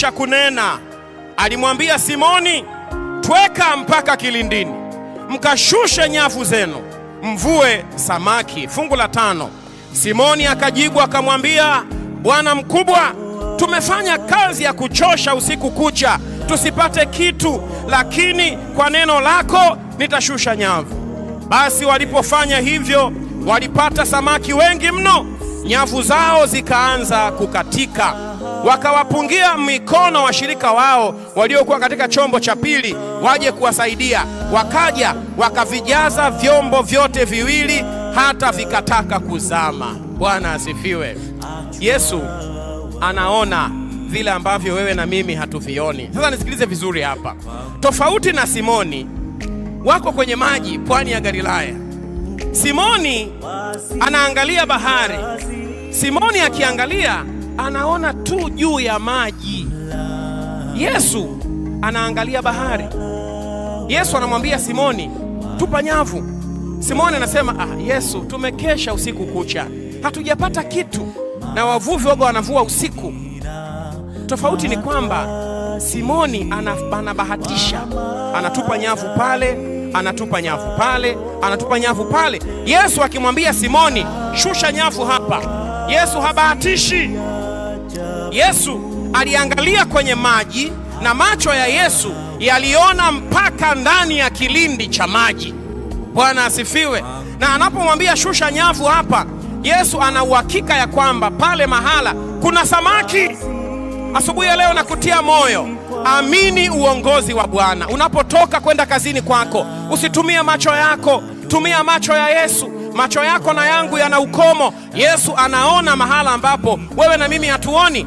cha kunena. Alimwambia Simoni, tweka mpaka kilindini, mkashushe nyavu zenu, mvue samaki. Fungu la tano. Simoni akajibu akamwambia, Bwana mkubwa, tumefanya kazi ya kuchosha usiku kucha tusipate kitu, lakini kwa neno lako nitashusha nyavu. Basi walipofanya hivyo, walipata samaki wengi mno, nyavu zao zikaanza kukatika wakawapungia mikono washirika wao waliokuwa katika chombo cha pili waje kuwasaidia. Wakaja wakavijaza vyombo vyote viwili hata vikataka kuzama. Bwana asifiwe. Yesu anaona vile ambavyo wewe na mimi hatuvioni. Sasa nisikilize vizuri hapa. Tofauti na Simoni, wako kwenye maji pwani ya Galilaya. Simoni anaangalia bahari. Simoni akiangalia anaona tu juu ya maji. Yesu anaangalia bahari. Yesu anamwambia Simoni, tupa nyavu. Simoni anasema ah, Yesu, tumekesha usiku kucha hatujapata kitu, na wavuvi wago wanavua usiku. Tofauti ni kwamba Simoni anabahatisha, anatupa nyavu pale, anatupa nyavu pale, anatupa nyavu pale. Yesu akimwambia Simoni, shusha nyavu hapa. Yesu habahatishi. Yesu aliangalia kwenye maji na macho ya Yesu yaliona mpaka ndani ya kilindi cha maji. Bwana asifiwe. Na anapomwambia shusha nyavu hapa, Yesu ana uhakika ya kwamba pale mahala kuna samaki. Asubuhi ya leo nakutia moyo, amini uongozi wa Bwana. Unapotoka kwenda kazini kwako, usitumie macho yako, tumia macho ya Yesu. Macho yako na yangu yana ukomo. Yesu anaona mahala ambapo wewe na mimi hatuoni.